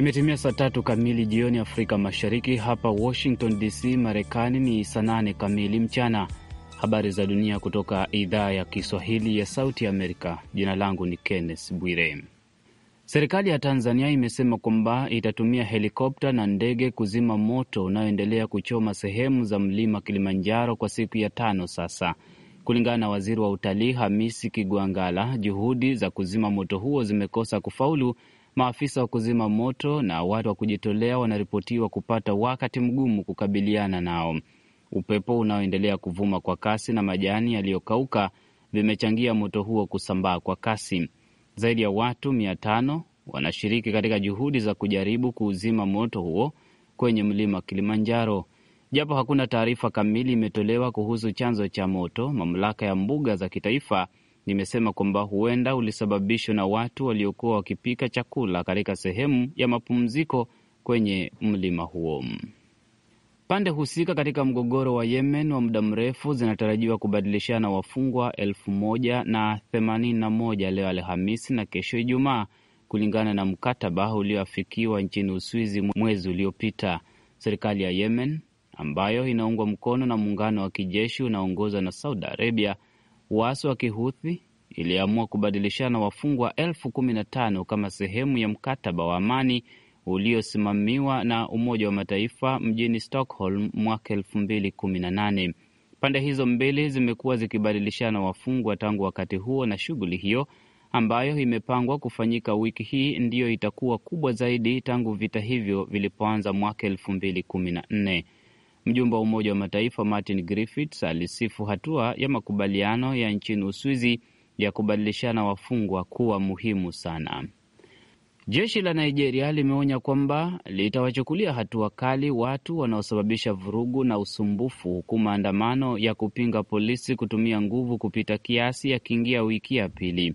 Imetimia saa tatu kamili jioni Afrika Mashariki. Hapa Washington DC, Marekani ni saa nane kamili mchana. Habari za dunia kutoka idhaa ya Kiswahili ya Sauti Amerika. Jina langu ni Kenneth Bwire. Serikali ya Tanzania imesema kwamba itatumia helikopta na ndege kuzima moto unaoendelea kuchoma sehemu za mlima Kilimanjaro kwa siku ya tano sasa. Kulingana na waziri wa utalii Hamisi Kigwangala, juhudi za kuzima moto huo zimekosa kufaulu Maafisa wa kuzima moto na watu wa kujitolea wanaripotiwa kupata wakati mgumu kukabiliana nao. Upepo unaoendelea kuvuma kwa kasi na majani yaliyokauka vimechangia moto huo kusambaa kwa kasi. Zaidi ya watu mia tano wanashiriki katika juhudi za kujaribu kuuzima moto huo kwenye mlima Kilimanjaro. Japo hakuna taarifa kamili imetolewa kuhusu chanzo cha moto, mamlaka ya mbuga za kitaifa nimesema kwamba huenda ulisababishwa na watu waliokuwa wakipika chakula katika sehemu ya mapumziko kwenye mlima huo. Pande husika katika mgogoro wa Yemen wa muda mrefu zinatarajiwa kubadilishana wafungwa elfu moja na themanini na moja leo Alhamisi na kesho Ijumaa, kulingana na mkataba ulioafikiwa nchini Uswizi mwezi uliopita. Serikali ya Yemen ambayo inaungwa mkono na muungano wa kijeshi unaoongozwa na Saudi Arabia waasi wa Kihuthi iliamua kubadilishana wafungwa elfu kumi na tano kama sehemu ya mkataba wa amani uliosimamiwa na Umoja wa Mataifa mjini Stockholm mwaka elfu mbili kumi na nane. Pande hizo mbili zimekuwa zikibadilishana wafungwa tangu wakati huo, na shughuli hiyo ambayo imepangwa kufanyika wiki hii ndiyo itakuwa kubwa zaidi tangu vita hivyo vilipoanza mwaka elfu mbili kumi na nne. Mjumbe wa Umoja wa Mataifa Martin Griffiths alisifu hatua ya makubaliano ya nchini Uswizi ya kubadilishana wafungwa kuwa muhimu sana. Jeshi la Nigeria limeonya kwamba litawachukulia hatua kali watu wanaosababisha vurugu na usumbufu, huku maandamano ya kupinga polisi kutumia nguvu kupita kiasi yakiingia wiki ya pili.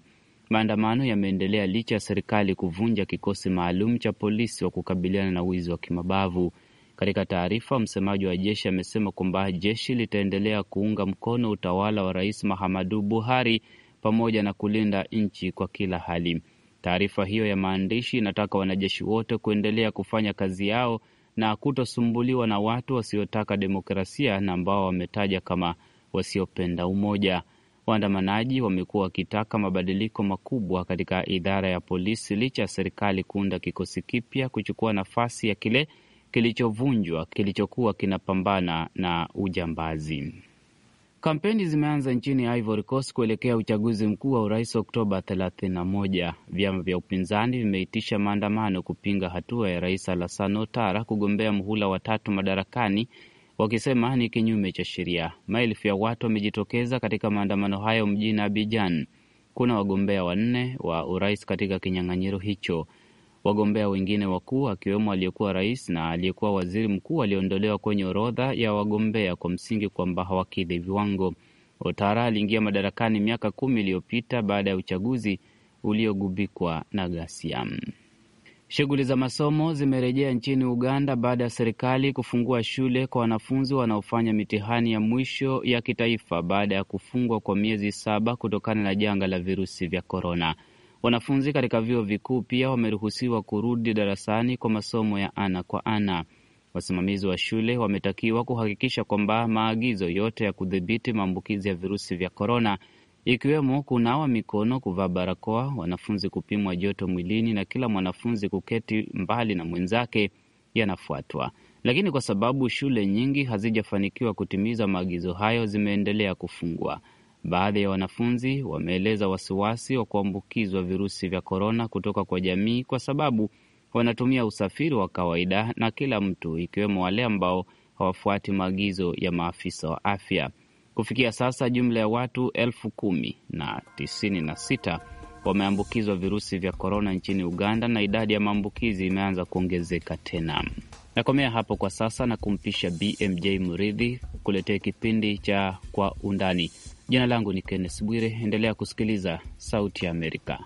Maandamano yameendelea licha ya serikali kuvunja kikosi maalum cha polisi wa kukabiliana na wizi wa kimabavu. Katika taarifa, msemaji wa jeshi amesema kwamba jeshi litaendelea kuunga mkono utawala wa Rais Mahamadu Buhari pamoja na kulinda nchi kwa kila hali. Taarifa hiyo ya maandishi inataka wanajeshi wote kuendelea kufanya kazi yao na kutosumbuliwa na watu wasiotaka demokrasia na ambao wametaja kama wasiopenda umoja. Waandamanaji wamekuwa wakitaka mabadiliko makubwa katika idara ya polisi licha ya serikali kuunda kikosi kipya kuchukua nafasi ya kile kilichovunjwa kilichokuwa kinapambana na ujambazi. Kampeni zimeanza nchini Ivory Coast kuelekea uchaguzi mkuu wa urais Oktoba 31. Vyama vya upinzani vimeitisha maandamano kupinga hatua ya rais Alassane Ouattara kugombea mhula wa tatu madarakani, wakisema ni kinyume cha sheria. Maelfu ya watu wamejitokeza katika maandamano hayo mjini Abidjan. Kuna wagombea wanne wa urais katika kinyang'anyiro hicho. Wagombea wengine wakuu akiwemo aliyekuwa rais na aliyekuwa waziri mkuu waliondolewa kwenye orodha ya wagombea kwa msingi kwamba hawakidhi viwango. Otara aliingia madarakani miaka kumi iliyopita baada ya uchaguzi uliogubikwa na ghasia. Shughuli za masomo zimerejea nchini Uganda baada ya serikali kufungua shule kwa wanafunzi wanaofanya mitihani ya mwisho ya kitaifa baada ya kufungwa kwa miezi saba kutokana na janga la virusi vya korona. Wanafunzi katika vyuo vikuu pia wameruhusiwa kurudi darasani kwa masomo ya ana kwa ana. Wasimamizi wa shule wametakiwa kuhakikisha kwamba maagizo yote ya kudhibiti maambukizi ya virusi vya korona, ikiwemo kunawa mikono, kuvaa barakoa, wanafunzi kupimwa joto mwilini na kila mwanafunzi kuketi mbali na mwenzake, yanafuatwa. Lakini kwa sababu shule nyingi hazijafanikiwa kutimiza maagizo hayo, zimeendelea kufungwa. Baadhi ya wanafunzi wameeleza wasiwasi wa kuambukizwa virusi vya korona kutoka kwa jamii kwa sababu wanatumia usafiri wa kawaida na kila mtu, ikiwemo wale ambao hawafuati maagizo ya maafisa wa afya. Kufikia sasa jumla ya watu elfu kumi na tisini na sita wameambukizwa virusi vya korona nchini Uganda, na idadi ya maambukizi imeanza kuongezeka tena. Nakomea hapo kwa sasa na kumpisha BMJ Muridhi kuletea kipindi cha Kwa Undani. Jina langu ni Kenneth Bwire, endelea kusikiliza Sauti ya Amerika.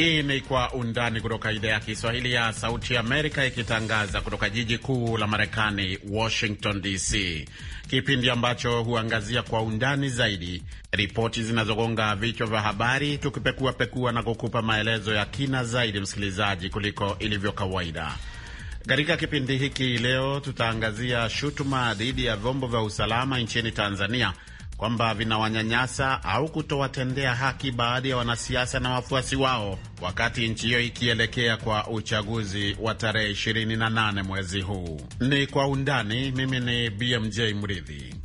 Hii ni Kwa Undani kutoka idhaa ya Kiswahili ya Sauti Amerika, ikitangaza kutoka jiji kuu la Marekani, Washington DC, kipindi ambacho huangazia kwa undani zaidi ripoti zinazogonga vichwa vya habari, tukipekuapekua na kukupa maelezo ya kina zaidi, msikilizaji, kuliko ilivyo kawaida. Katika kipindi hiki leo tutaangazia shutuma dhidi ya vyombo vya usalama nchini Tanzania kwamba vinawanyanyasa au kutowatendea haki baadhi ya wanasiasa na wafuasi wao wakati nchi hiyo ikielekea kwa uchaguzi wa tarehe 28 mwezi huu. Ni kwa undani. Mimi ni BMJ Mridhi.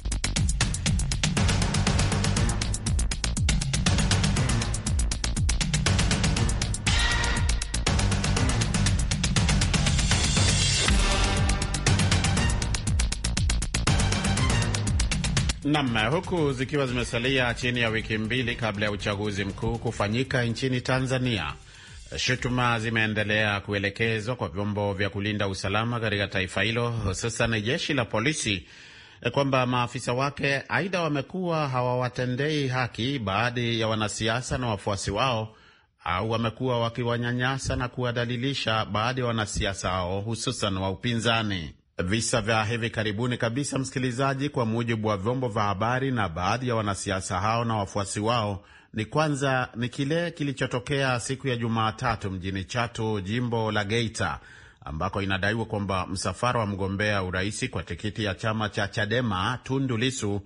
Nam, huku zikiwa zimesalia chini ya wiki mbili kabla ya uchaguzi mkuu kufanyika nchini Tanzania, shutuma zimeendelea kuelekezwa kwa vyombo vya kulinda usalama katika taifa hilo, hususan jeshi la polisi kwamba maafisa wake aidha wamekuwa hawawatendei haki baadhi ya wanasiasa na wafuasi wao au wamekuwa wakiwanyanyasa na kuwadhalilisha baadhi ya wanasiasa hao hususan wa upinzani. Visa vya hivi karibuni kabisa, msikilizaji, kwa mujibu wa vyombo vya habari na baadhi ya wanasiasa hao na wafuasi wao, ni kwanza ni kile kilichotokea siku ya Jumatatu mjini Chato, jimbo la Geita, ambako inadaiwa kwamba msafara wa mgombea uraisi kwa tikiti ya chama cha Chadema Tundu Lisu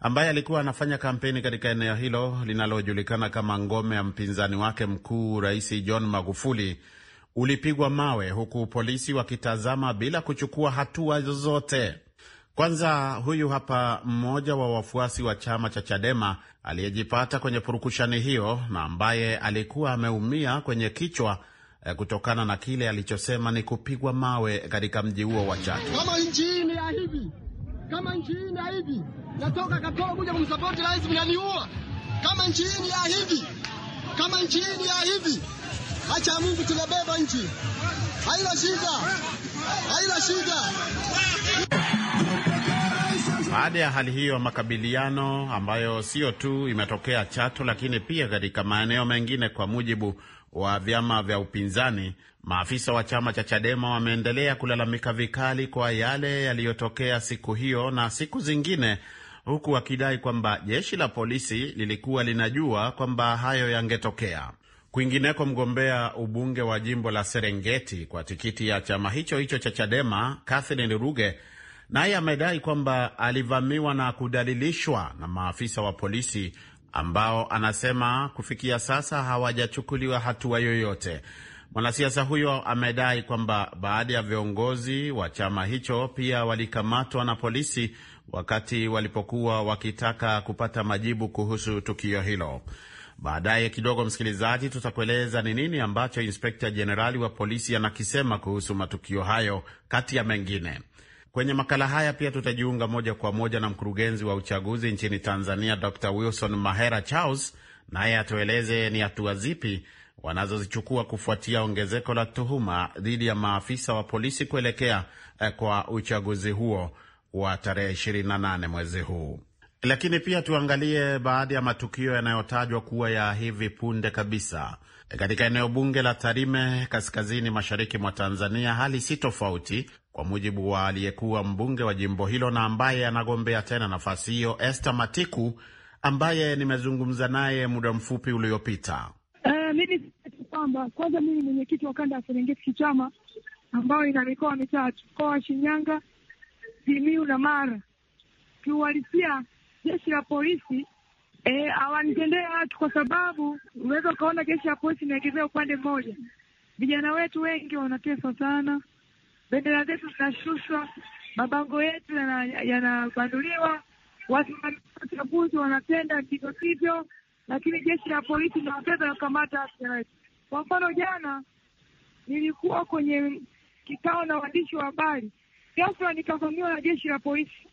ambaye alikuwa anafanya kampeni katika eneo hilo linalojulikana kama ngome ya mpinzani wake mkuu Rais John Magufuli ulipigwa mawe huku polisi wakitazama bila kuchukua hatua zozote. Kwanza huyu hapa mmoja wa wafuasi wa chama cha Chadema aliyejipata kwenye purukushani hiyo na ambaye alikuwa ameumia kwenye kichwa eh, kutokana na kile alichosema ni kupigwa mawe katika mji huo wa Chato. Kama nchi hii ni ya hivi, kama nchi hii ni ya hivi, natoka Katoa kuja kumsapoti rais, mnaniua. Kama nchi hii ni ya hivi, kama nchi hii ni ya hivi Acha Mungu, tunabeba nchi, haina shida, haina shida. Baada ya hali hiyo makabiliano ambayo sio tu imetokea Chato, lakini pia katika maeneo mengine, kwa mujibu wa vyama vya upinzani, maafisa wa chama cha Chadema wameendelea kulalamika vikali kwa yale yaliyotokea siku hiyo na siku zingine, huku wakidai kwamba jeshi la polisi lilikuwa linajua kwamba hayo yangetokea. Kwingineko, mgombea ubunge wa jimbo la Serengeti kwa tikiti ya chama hicho hicho cha Chadema, Catherine Ruge, naye amedai kwamba alivamiwa na kudalilishwa na maafisa wa polisi ambao anasema kufikia sasa hawajachukuliwa hatua yoyote. Mwanasiasa huyo amedai kwamba baadhi ya viongozi wa chama hicho pia walikamatwa na polisi wakati walipokuwa wakitaka kupata majibu kuhusu tukio hilo. Baadaye kidogo, msikilizaji, tutakueleza ni nini ambacho inspekta jenerali wa polisi anakisema kuhusu matukio hayo kati ya mengine. Kwenye makala haya pia tutajiunga moja kwa moja na mkurugenzi wa uchaguzi nchini Tanzania, Dr Wilson Mahera Charles, naye atueleze ni hatua zipi wanazozichukua kufuatia ongezeko la tuhuma dhidi ya maafisa wa polisi kuelekea eh, kwa uchaguzi huo wa tarehe 28 mwezi huu. Lakini pia tuangalie baadhi ya matukio yanayotajwa kuwa ya hivi punde kabisa. Katika eneo bunge la Tarime, kaskazini mashariki mwa Tanzania, hali si tofauti, kwa mujibu wa aliyekuwa mbunge wa jimbo hilo na ambaye anagombea tena nafasi hiyo, Esther Matiku, ambaye nimezungumza naye muda mfupi uliopita. Uh, eh, kwamba kwanza, mimi mwenyekiti wa kanda ya Serengeti kichama ambayo ina mikoa mitatu, mkoa wa Shinyanga, Simiyu na Mara. Kiuhalisia jeshi la polisi hawanitendee e, watu kwa sababu unaweza ukaona jeshi la polisi inaegemea upande mmoja. Vijana wetu wengi wanateswa sana, bendera zetu zinashushwa, mabango yetu yanabanduliwa, yana wasimamizi wa uchaguzi wanatenda vivyo hivyo, lakini jeshi la polisi wanaweza kukamata vijana wetu. Kwa mfano, jana nilikuwa kwenye kikao na waandishi wa habari, ghafla nikavamiwa na jeshi la polisi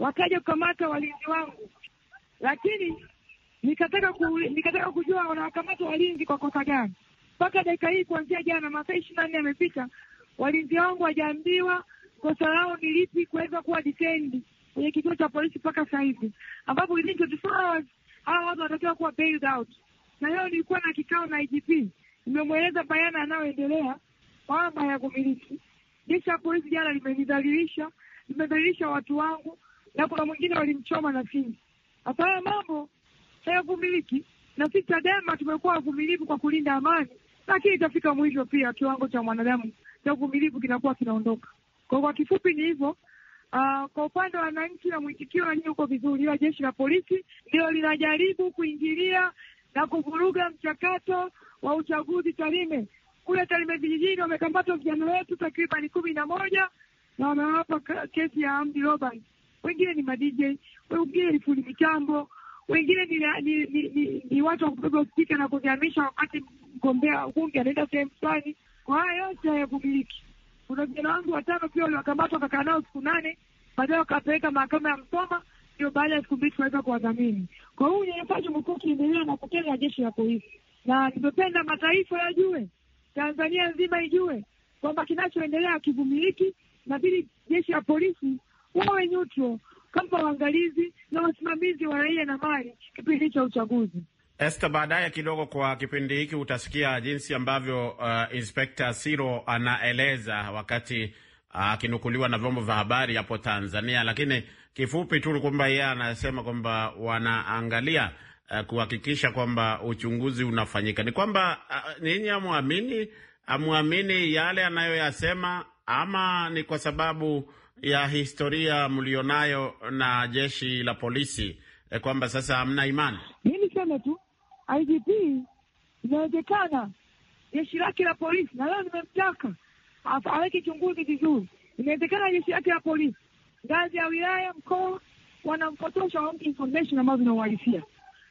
wakaja kukamata walinzi wangu, lakini nikataka ku, nikataka kujua wanawakamata walinzi kwa kosa gani. Mpaka dakika hii kuanzia jana, masaa ishirini na nne yamepita, walinzi wangu wajaambiwa kosa lao ni lipi kuweza kuwa detained kwenye kituo cha polisi mpaka sasa ambapo within 24 hours hawa watu wanatakiwa kuwa bailed out. Na leo nilikuwa na kikao na IGP, nimemweleza bayana anayoendelea mambo ya kumiliki jeshi la polisi. Jana limenidhalilisha, limedhalilisha watu wangu na kuna mwingine walimchoma na fimbo. Sasa haya mambo hayavumiliki, na sisi Chadema tumekuwa wavumilivu kwa kulinda amani, lakini itafika mwisho pia kiwango cha mwanadamu cha uvumilivu kinakuwa kinaondoka. Kwa kwa kifupi ni hivyo. Uh, kwa upande wa wananchi na mwitikio wenyewe uko vizuri, ila jeshi la polisi ndio linajaribu kuingilia na kuvuruga mchakato wa uchaguzi Tarime. Kule Tarime vijijini wamekamata vijana wetu takribani kumi na moja na wamewapa kesi ya amdi Robert wengine ni madj, wengine ni fundi mitambo, wengine ni, ni, ni, ni, ni watu wa kubeba spika na kuzihamisha wakati mgombea ubunge anaenda sehemu fulani. Kwa haya yote hayavumiliki. Kuna vijana wangu watano pia waliwakamatwa, wakakaa nao siku nane, baadaye wakapeleka mahakama ya Msoma, ndio baada ya siku mbili tunaweza kuwadhamini. Kwa hiyo unyanyasaji umekuwa ukiendelea na kutenda jeshi la polisi, na ningependa mataifa yajue, Tanzania nzima ijue kwamba kinachoendelea hakivumiliki. Nabidi jeshi la polisi wawe neutral kama waangalizi na wasimamizi wa raia na mali kipindi cha uchaguzi. Esta, baadaye kidogo kwa kipindi hiki utasikia jinsi ambavyo uh, Inspekta Siro anaeleza wakati uh, akinukuliwa uh, na vyombo vya habari hapo Tanzania, lakini kifupi tu kwamba yeye anasema kwamba wanaangalia uh, kuhakikisha kwamba uchunguzi unafanyika. Ni kwamba uh, ninyi amwamini amwamini yale anayoyasema ama ni kwa sababu ya historia mlionayo na jeshi la polisi eh, kwamba sasa hamna imani? Mi niseme tu IGP inawezekana jeshi lake la polisi, na leo nimemtaka aweke chunguzi vizuri. Inawezekana jeshi lake la polisi ngazi ya wilaya, mkoa, wanampotosha wampi information ambazo zinauhalisia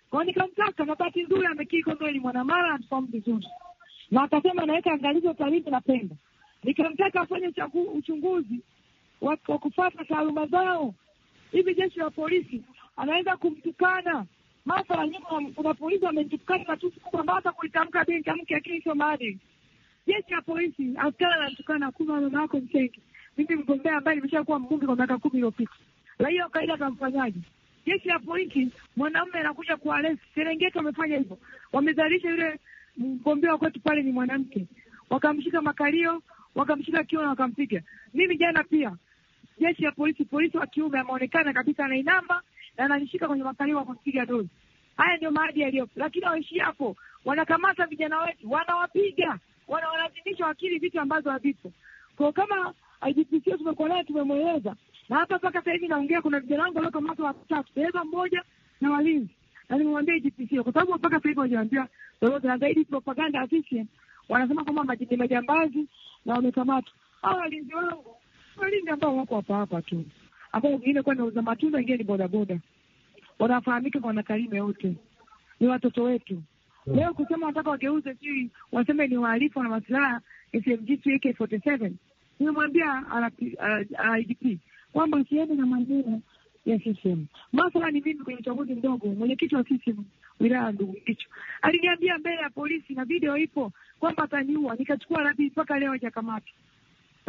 kwao. Nikamtaka na bahati nzuri amekiri kwamba ni mwanamara, anafahamu vizuri na akasema anaweka angalizo karibu na Pemba. Nikamtaka afanye uchunguzi wa kufuata taaluma zao. Hivi jeshi la polisi anaweza kumtukana mafala nyuma, kuna polisi wamemtukana na tusi kubwa ambao hata kulitamka binti tamke, lakini sio maadili. Jeshi la polisi askari anamtukana kuma mama yako msengi, mimi mgombea ambaye nimesha kuwa mbunge kwa miaka kumi iliyopita, raia wa kawaida atamfanyaje? Jeshi la polisi mwanaume anakuja kuaresi. Serengeti wamefanya hivyo, wamezalisha yule mgombea kwetu pale ni mwanamke, wakamshika makalio, wakamshika kiuno, wakampiga. Mimi jana pia jeshi ya polisi, polisi wa kiume ameonekana kabisa anainama na ananishika kwenye makalio wa kupiga dozi. Haya ndio maadili yaliyopo, lakini waishi hapo, wanakamata vijana wetu, wanawapiga, wanawalazimisha wakili vitu ambazo havipo. Kwa kama IGPC tumekuwa naye, tumemweleza na hapa mpaka sasa hivi naongea, kuna vijana wangu waliokamatwa watatu, dereva mmoja na walinzi, na nimemwambia IGPC kwa sababu mpaka sasa hivi hawajaambia lolote, na zaidi propaganda afisi wanasema kwamba ni majambazi na wamekamatwa. Hao walinzi wangu walinzi ambao wako hapa hapa tu, ambao wengine kuwa nauza matunda, wengine ni bodaboda, wanafahamika kwa wanakarime yote, ni watoto wetu. Leo kusema wanataka wageuze, sijui waseme ni wahalifu na masilaha SMG 3 k 47 nimemwambia IGP kwamba asiende na maneno ya CCM. Masuala ni mimi kwenye uchaguzi mdogo, mwenyekiti wa CCM wilaya ndugu hicho aliniambia mbele ya polisi na video ipo kwamba ataniua, nikachukua rabi mpaka leo hajakamatwa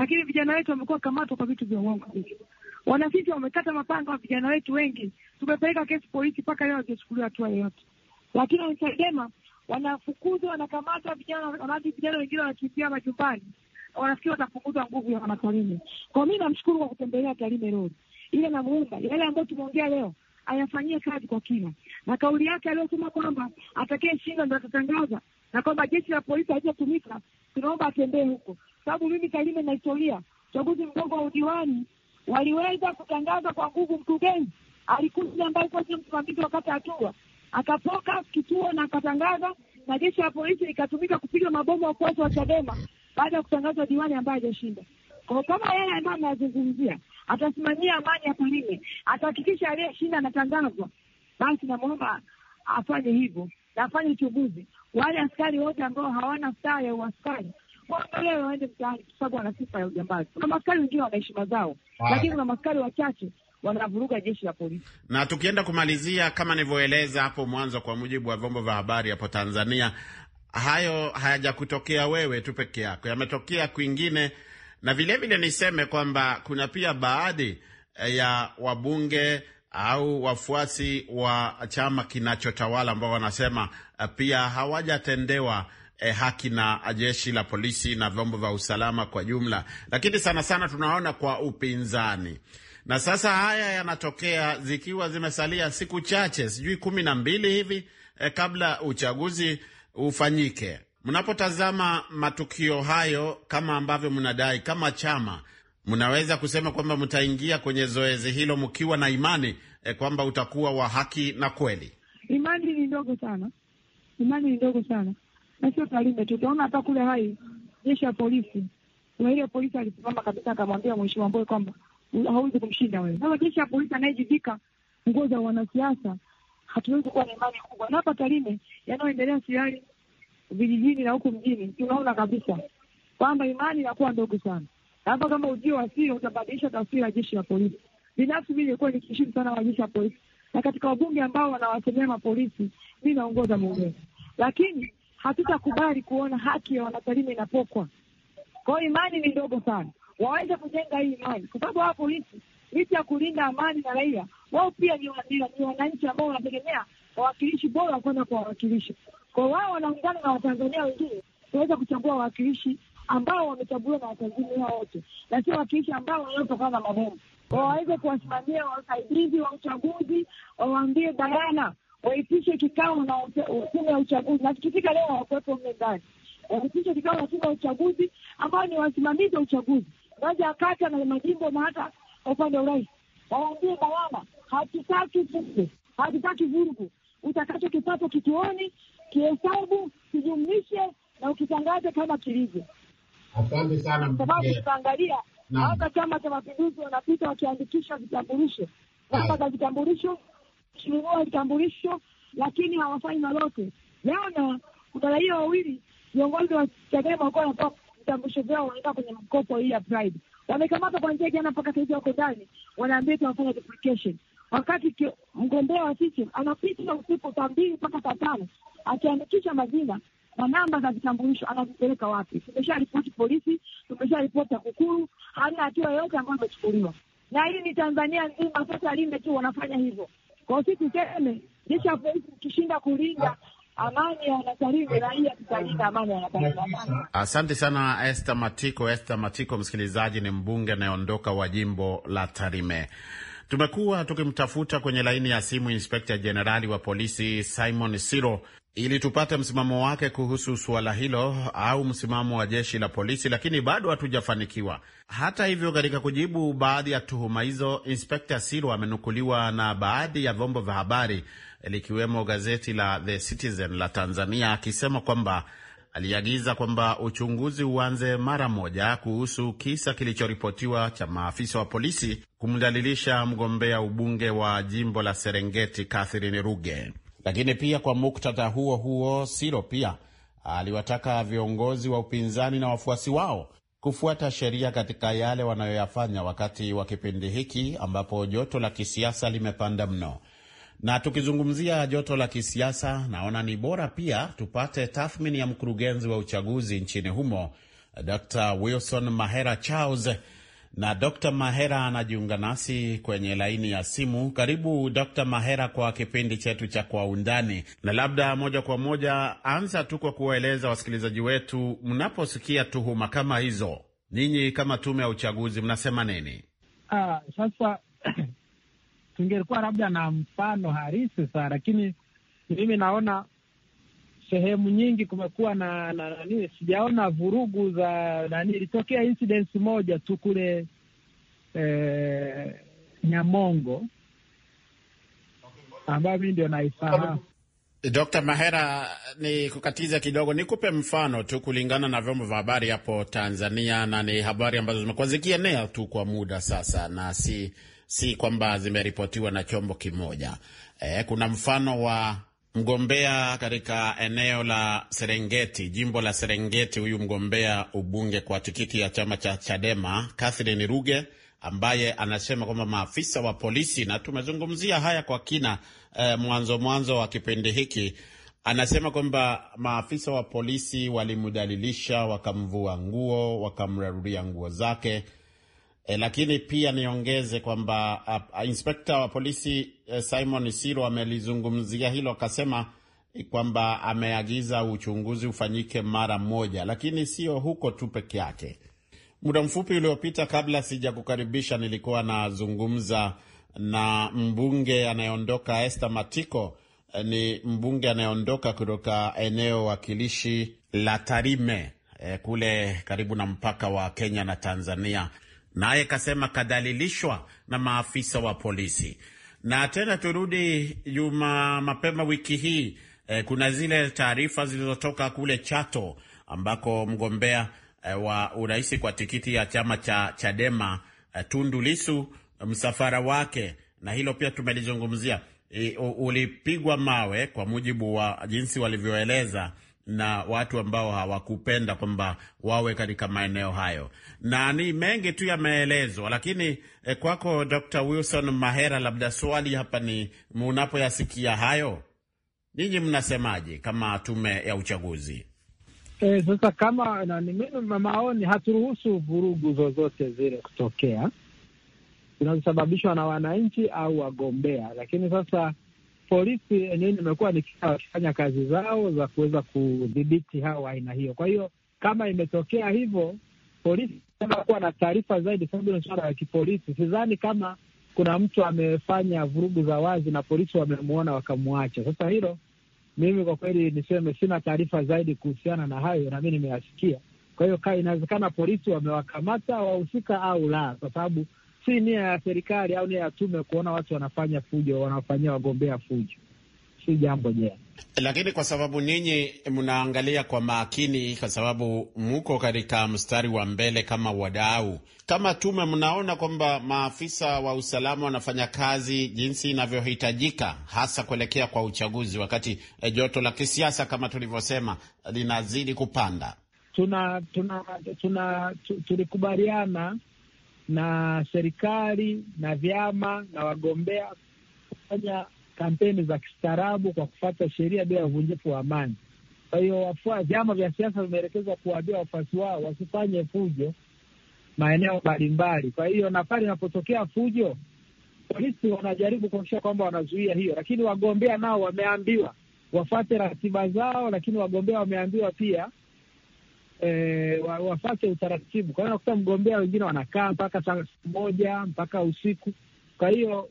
lakini vijana wetu wamekuwa kamatwa kwa vitu vya uongo. Wanaficha wamekata mapanga wa vijana wetu wengi, tumepeleka kesi polisi, mpaka leo hawajachukuliwa hatua yoyote. Lakini wanasema wanafukuzwa, wanakamatwa vijana, wanaacha vijana wengine wanakimbia majumbani, wanafikiri watapunguza nguvu ya wanatalime kwao. Mi namshukuru kwa kutembelea Tarime Road, ile namuumba yale ambayo tumeongea leo ayafanyie kazi kwa kina, na kauli yake aliyosema kwamba atakaye shinda ndo atatangaza na kwamba jeshi la polisi halijatumika, tunaomba atembee huko, sababu mimi Tarime na historia, uchaguzi mdogo wa udiwani waliweza kutangaza kwa nguvu. Mkurugenzi alikuja ambaye kuwa msimamizi wakati hatua akapoka kituo na akatangaza, na jeshi la polisi likatumika kupiga mabomu wafuasi wa Chadema baada ya kutangaza diwani ambaye hajashinda. Kwa kama yeye ambaye anayazungumzia atasimamia amani ya Tarime, atahakikisha aliyeshinda anatangazwa, basi namwomba afanye hivyo na afanye uchunguzi wale askari wote ambao hawana saa ya uaskari waondolewe waende mtaani, kwa sababu wana sifa ya ujambazi. Kuna maskari wengine wana heshima zao, lakini kuna maskari wachache wanavuruga jeshi la polisi. Na tukienda kumalizia, kama nilivyoeleza hapo mwanzo, kwa mujibu wa vyombo vya habari hapo Tanzania, hayo hayajakutokea wewe tu peke yako, yametokea kwingine. Na vilevile vile niseme kwamba kuna pia baadhi eh, ya wabunge au wafuasi wa chama kinachotawala ambao wanasema eh, pia hawajatendewa eh, haki na jeshi la polisi na vyombo vya usalama kwa jumla, lakini sana sana tunaona kwa upinzani. Na sasa haya yanatokea zikiwa zimesalia siku chache, sijui kumi na mbili hivi eh, kabla uchaguzi ufanyike. Mnapotazama matukio hayo, kama ambavyo mnadai kama chama mnaweza kusema kwamba mtaingia kwenye zoezi hilo mkiwa na imani eh, kwamba utakuwa wa haki na kweli? Imani ni ndogo sana, imani ni ndogo sana, na sio Tarime tu, utaona hata kule Hai jeshi ya polisi kuna ile polisi alisimama kabisa akamwambia Mheshimiwa Mbowe kwamba hawezi kumshinda wewe. Sasa jeshi ya polisi anayejivika nguo za wanasiasa, hatuwezi kuwa na imani kubwa. Na hapa Tarime yanayoendelea siari vijijini na huku mjini, tunaona kabisa kwamba imani inakuwa ndogo sana. Hapa kama ujio wa siri utabadilisha taswira ya jeshi la polisi. Binafsi mi nilikuwa nikishuti sana wa jeshi la polisi, na katika wabunge ambao wanawasemea mapolisi mi naongoza mwenyewe, lakini hatutakubali kuona haki ya wanasalima inapokwa. Kwa hiyo imani ni ndogo sana, waweze kujenga hii imani, kwa sababu hawa polisi licha ya kulinda amani na raia wao, pia ni wananchi ambao wanategemea wawakilishi bora kwenda kuwawakilisha. Kwa wao wanaungana na Watanzania wengine kuweza kuchagua wawakilishi ambao wamechaguliwa na Watanzania wote, na sio wakiishi ambao waliotokana na mabomu. Waweze kuwasimamia wasaidizi wa uchaguzi, wawaambie bayana, waitishe kikao na tume ya uchaguzi. na Nasikitika leo hawakuwepo mle ndani. Waitishe kikao na tume ya uchaguzi ambao ni wasimamizi wa uchaguzi, ngazi ya kata na majimbo na hata upande wa urais, wawaambie bayana, hatutaki fujo, hatutaki vurugu. kipato kituoni kihesabu, kijumlishe na ukitangaze kama kilivyo. Asante sana, kwa sababu tutaangalia hata Chama cha Mapinduzi wanapita wakiandikisha vitambulisho, za vitambulisho, kinunua vitambulisho, lakini hawafanyi lolote. Naona kuna raia wawili viongozi wa Chadema walikuwa wanatoa vitambulisho vyao, wanaenda kwenye mkopo hii ya Pride, wamekamata kuanzia jana mpaka saizi wako ndani, wanaambia tunafanya duplication wakati mgombea wa sisi anapita usiku saa mbili mpaka saa tano akiandikisha majina kwa namba za vitambulisho anazipeleka wapi? Tumesha ripoti polisi, tumesha ripoti TAKUKURU, hana hatua yoyote ambayo imechukuliwa, na hili ni Tanzania nzima. Sasa Linde tu wanafanya hivyo. Kwa si tuseme jeshi la polisi tukishinda kulinda Asante sana Esther Matiko. Esther Matiko, msikilizaji, ni mbunge anayeondoka wa jimbo la Tarime. Tumekuwa tukimtafuta kwenye laini ya simu Inspekta Jenerali wa polisi Simon Siro ili tupate msimamo wake kuhusu suala hilo au msimamo wa jeshi la polisi, lakini bado hatujafanikiwa. Hata hivyo, katika kujibu baadhi ya tuhuma hizo, Inspekta Siro amenukuliwa na baadhi ya vyombo vya habari likiwemo gazeti la The Citizen la Tanzania akisema kwamba aliagiza kwamba uchunguzi uanze mara moja kuhusu kisa kilichoripotiwa cha maafisa wa polisi kumdhalilisha mgombea ubunge wa jimbo la Serengeti Catherine Ruge. Lakini pia kwa muktadha huo huo, Siro pia aliwataka viongozi wa upinzani na wafuasi wao kufuata sheria katika yale wanayoyafanya wakati wa kipindi hiki ambapo joto la kisiasa limepanda mno. Na tukizungumzia joto la kisiasa, naona ni bora pia tupate tathmini ya mkurugenzi wa uchaguzi nchini humo Dr Wilson Mahera Charles na Dr. Mahera anajiunga nasi kwenye laini ya simu. Karibu Dr. Mahera kwa kipindi chetu cha Kwa Undani, na labda moja kwa moja anza tu kwa kuwaeleza wasikilizaji wetu, mnaposikia tuhuma kama hizo, ninyi kama tume ya uchaguzi mnasema nini? Aa, ah, sasa tungelikuwa labda na mfano harisi saa, lakini mimi naona sehemu nyingi kumekuwa na, na, na sijaona vurugu za nani. Ilitokea incidents moja tu kule eh, Nyamongo ambayo mi ndio naifahamu. Dr. Mahera, ni kukatiza kidogo, nikupe mfano tu kulingana na vyombo vya habari hapo Tanzania, na ni habari ambazo zimekuwa zikienea tu kwa muda sasa, na si si kwamba zimeripotiwa na chombo kimoja. E, kuna mfano wa Mgombea katika eneo la Serengeti, jimbo la Serengeti, huyu mgombea ubunge kwa tikiti ya chama cha Chadema Catherine Ruge ambaye anasema kwamba maafisa wa polisi, na tumezungumzia haya kwa kina eh, mwanzo mwanzo wa kipindi hiki, anasema kwamba maafisa wa polisi walimdalilisha wakamvua nguo, wakamraruria nguo zake E, lakini pia niongeze kwamba uh, uh, inspekta wa polisi eh, Simon Siro amelizungumzia hilo, akasema kwamba ameagiza uchunguzi ufanyike mara moja, lakini sio huko tu peke yake. Muda mfupi uliopita, kabla sijakukaribisha, nilikuwa nazungumza na mbunge anayeondoka Esther Matiko. Eh, ni mbunge anayeondoka kutoka eneo wakilishi la Tarime, kule karibu na mpaka wa Kenya na Tanzania naye kasema kadhalilishwa na maafisa wa polisi. Na tena turudi juma mapema wiki hii e, kuna zile taarifa zilizotoka kule Chato ambako mgombea e, wa urais kwa tikiti ya chama cha Chadema e, Tundu Lisu msafara wake, na hilo pia tumelizungumzia, e, ulipigwa mawe kwa mujibu wa jinsi walivyoeleza na watu ambao hawakupenda kwamba wawe katika maeneo hayo, na ni mengi tu yameelezwa. Lakini eh, kwako Dr. Wilson Mahera, labda swali hapa ni munapoyasikia hayo, ninyi mnasemaje kama tume ya uchaguzi? E, sasa kama na, maoni haturuhusu vurugu zozote zile kutokea zinazosababishwa na wananchi au wagombea, lakini sasa polisi yenyewe imekuwa nikifanya ah, wakifanya kazi zao za kuweza kudhibiti hao aina hiyo. Kwa hiyo kama imetokea hivyo, polisi kuwa na taarifa zaidi, sababu ni suala ya kipolisi. Sidhani kama kuna mtu amefanya vurugu za wazi na polisi wamemwona wakamwacha. Sasa hilo mimi kwa kweli niseme sina taarifa zaidi kuhusiana na hayo, na mi nimeyasikia. Kwa hiyo inawezekana polisi wamewakamata wahusika au la, kwa sababu si nia ya serikali au nia ya tume kuona watu wanafanya fujo, wanafanyia wagombea fujo, si jambo jema. Lakini kwa sababu ninyi mnaangalia kwa makini, kwa sababu muko katika mstari wa mbele kama wadau, kama tume, mnaona kwamba maafisa wa usalama wanafanya kazi jinsi inavyohitajika, hasa kuelekea kwa uchaguzi, wakati eh, joto la kisiasa kama tulivyosema linazidi kupanda. Tuna, tuna, tuna, tuna tulikubaliana na serikali na vyama na wagombea kufanya kampeni za kistaarabu kwa kufata sheria bila uvunjifu wa amani. Kwa hiyo vyama vya siasa vimeelekezwa kuwaambia wafuasi wao wasifanye fujo maeneo mbalimbali. Kwa hiyo na pale inapotokea fujo, polisi wanajaribu kuakisha kwamba wanazuia hiyo, lakini wagombea nao wameambiwa wafate ratiba zao, lakini wagombea wameambiwa pia e, wafate utaratibu. Kwa hiyo nakuta mgombea wengine wanakaa mpaka saa moja mpaka usiku. Kwa hiyo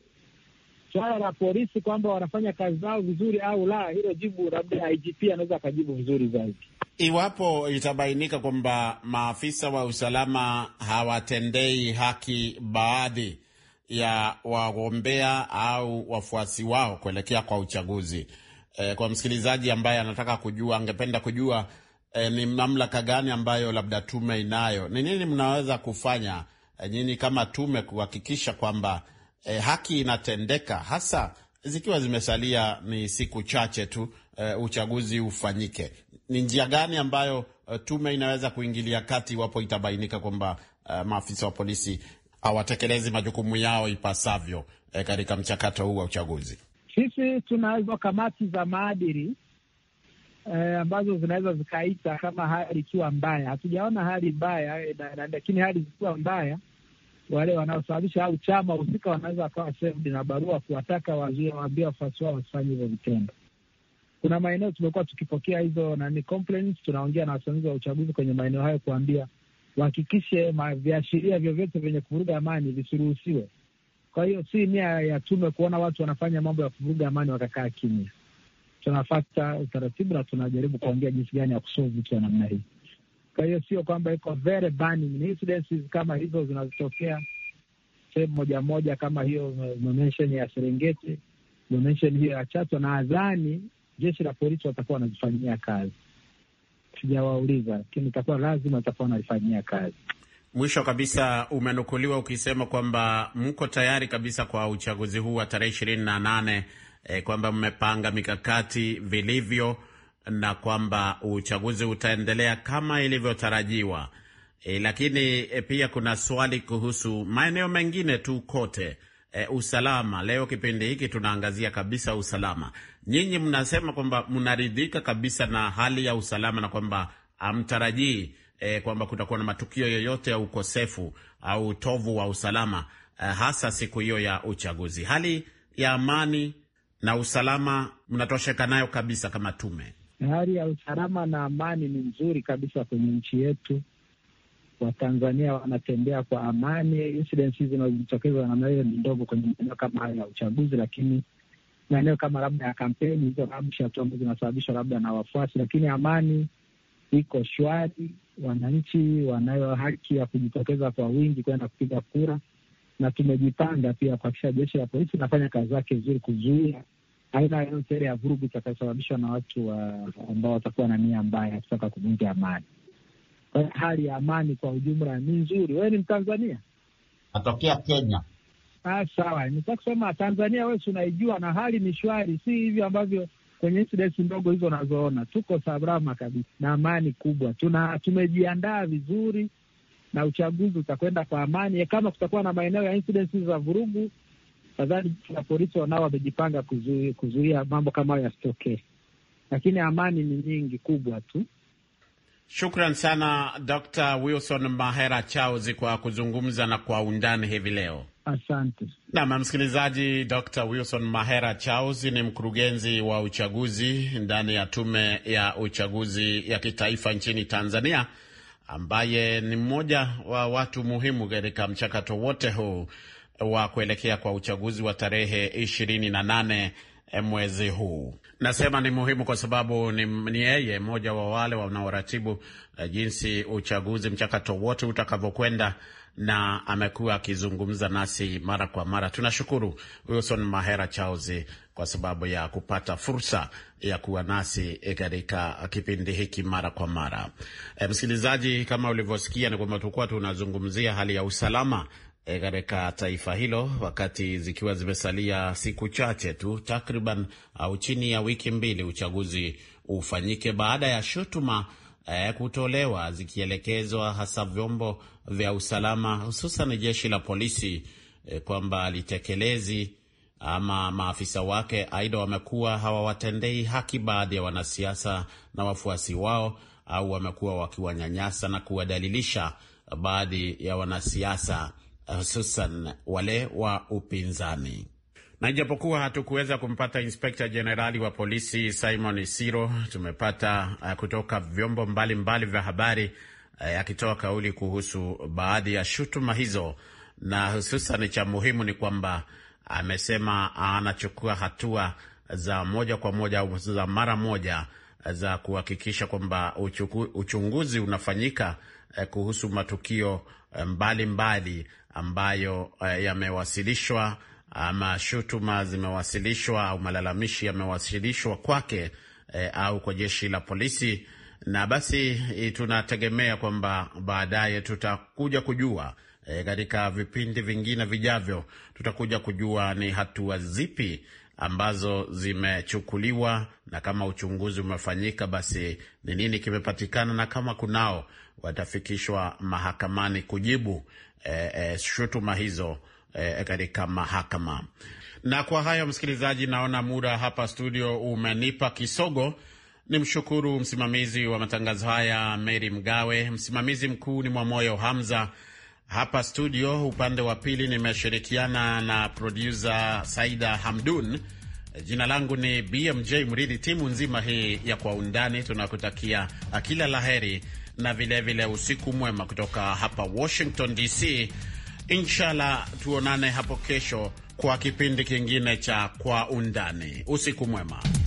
suala la polisi kwamba wanafanya kazi zao vizuri au la, hilo jibu labda IGP anaweza akajibu vizuri zaidi. Iwapo itabainika kwamba maafisa wa usalama hawatendei haki baadhi ya wagombea au wafuasi wao kuelekea kwa uchaguzi. E, kwa msikilizaji ambaye anataka kujua, angependa kujua eh, ni mamlaka gani ambayo labda tume inayo? Ni nini mnaweza kufanya eh, nyinyi kama tume kuhakikisha kwamba eh, haki inatendeka hasa zikiwa zimesalia ni siku chache tu eh, uchaguzi ufanyike? Ni njia gani ambayo eh, tume inaweza kuingilia kati iwapo itabainika kwamba eh, maafisa wa polisi hawatekelezi majukumu yao ipasavyo eh, katika mchakato huu wa uchaguzi? Sisi tunazo kamati za maadili eh, ambazo zinaweza zikaita kama hali ikiwa mbaya. Hatujaona hali mbaya, eh, lakini hali zikiwa mbaya wale wanaosababisha au chama husika wanaweza wakawa served na barua kuwataka wazuia, waambia wafuasi wao wasifanye hivyo vitendo. Kuna maeneo tumekuwa tukipokea hizo nani complaints, tunaongea na wasimamizi wa uchaguzi kwenye maeneo hayo kuambia wahakikishe viashiria vyovyote vyenye kuvuruga amani visiruhusiwe. Kwa hiyo si nia ya tume kuona watu wanafanya mambo ya kuvuruga amani wakakaa kimya tunafata utaratibu na tunajaribu kuongea jinsi gani ya kusolve vitu ya namna hii. Kwa hiyo sio kwamba iko very burning incidents kama hizo zinazotokea sehemu moja moja kama hiyo mention ya Serengeti, mention hiyo ya Chato, na nadhani jeshi la polisi watakuwa wanazifanyia kazi. Sijawauliza, lakini itakuwa lazima watakuwa wanaifanyia kazi. Mwisho kabisa, umenukuliwa ukisema kwamba mko tayari kabisa kwa uchaguzi huu wa tarehe ishirini na nane e, kwamba mmepanga mikakati vilivyo na kwamba uchaguzi utaendelea kama ilivyotarajiwa. E, lakini e, pia kuna swali kuhusu maeneo mengine tu kote e, usalama. Leo kipindi hiki tunaangazia kabisa usalama. Nyinyi mnasema kwamba mnaridhika kabisa na hali ya usalama na kwamba hamtarajii e, kwamba kutakuwa na matukio yoyote ya ukosefu au utovu wa usalama e, hasa siku hiyo ya uchaguzi. Hali ya amani na usalama mnatosheka nayo kabisa kama tume? Hali ya usalama na amani ni nzuri kabisa kwenye nchi yetu. Watanzania wanatembea kwa amani. hizi zinazojitokeza namna hiyo ni ndogo kwenye maeneo kama hayo ya uchaguzi, lakini maeneo kama labda ya kampeni hizo rabsha tu ambazo zinasababishwa labda na wafuasi, lakini amani iko shwari. Wananchi wanayo haki ya kujitokeza kwa wingi kwenda kupiga kura na tumejipanga pia kuhakikisha jeshi la polisi inafanya kazi zake vizuri kuzuia aina yoyote ile ya vurugu itakayosababishwa na watu wa ambao watakuwa na nia mbaya ya kutaka kuvunja amani. Kwa hiyo hali ya amani kwa ujumla ni nzuri. Wewe ni Mtanzania, natokea Kenya. Ah, sawa, nitaka kusema Tanzania wewe unaijua, na hali ni shwari, si hivyo ambavyo kwenye insidenti ndogo hizo unazoona. Tuko salama kabisa na amani kubwa, tuna tumejiandaa vizuri na uchaguzi utakwenda kwa amani. E, kama kutakuwa na maeneo ya incidents za vurugu, nadhani na polisi wanao wamejipanga kuzuia, kuzuia mambo kama hayo yasitokee, lakini amani ni nyingi kubwa tu. Shukran sana Dr. Wilson Mahera Charles kwa kuzungumza na kwa undani hivi leo. Asante. nam msikilizaji, Dr. Wilson Mahera Charles ni mkurugenzi wa uchaguzi ndani ya tume ya uchaguzi ya kitaifa nchini Tanzania ambaye ni mmoja wa watu muhimu katika mchakato wote huu wa kuelekea kwa uchaguzi wa tarehe ishirini na nane eh, mwezi huu. Nasema ni muhimu kwa sababu ni yeye mmoja wa wale wanaoratibu eh, jinsi uchaguzi mchakato wote utakavyokwenda na amekuwa akizungumza nasi mara kwa mara. Tunashukuru Wilson Mahera Charles kwa sababu ya kupata fursa ya kuwa nasi katika kipindi hiki mara kwa mara. E, msikilizaji, kama ulivyosikia ni kwamba tulikuwa tunazungumzia hali ya usalama eh, katika taifa hilo wakati zikiwa zimesalia siku chache tu takriban au chini ya wiki mbili uchaguzi ufanyike baada ya shutuma eh, kutolewa zikielekezwa hasa vyombo vya usalama hususan jeshi la polisi eh, kwamba litekelezi ama maafisa wake aidha wamekuwa hawawatendei haki baadhi ya wanasiasa na wafuasi wao au wamekuwa wakiwanyanyasa na kuwadalilisha baadhi ya wanasiasa hususan wale wa upinzani. Na ijapokuwa hatukuweza kumpata inspekta jenerali wa polisi Simon Isiro, tumepata uh, kutoka vyombo mbalimbali vya habari uh, akitoa kauli kuhusu baadhi ya shutuma hizo, na hususan cha muhimu ni kwamba amesema uh, anachukua hatua za moja kwa moja au za mara moja eh, za kuhakikisha kwamba uchunguzi unafanyika eh, kuhusu matukio mbalimbali mbali ambayo eh, yamewasilishwa ama shutuma zimewasilishwa au malalamishi yamewasilishwa kwake e, au kwa jeshi la polisi, na basi eh, tunategemea kwamba baadaye tutakuja kujua e, katika vipindi vingine vijavyo tutakuja kujua ni hatua zipi ambazo zimechukuliwa na kama uchunguzi umefanyika, basi ni nini kimepatikana, na kama kunao watafikishwa mahakamani kujibu e, e, shutuma hizo eh, katika mahakama. Na kwa hayo, msikilizaji, naona muda hapa studio umenipa kisogo. Ni mshukuru msimamizi wa matangazo haya Mary Mgawe, msimamizi mkuu ni Mwamoyo Hamza. Hapa studio upande wa pili nimeshirikiana na produsa Saida Hamdun. Jina langu ni BMJ Mridhi. Timu nzima hii ya Kwa Undani tunakutakia kila la heri na vilevile vile usiku mwema kutoka hapa Washington DC. Inshallah tuonane hapo kesho kwa kipindi kingine cha Kwa Undani. Usiku mwema.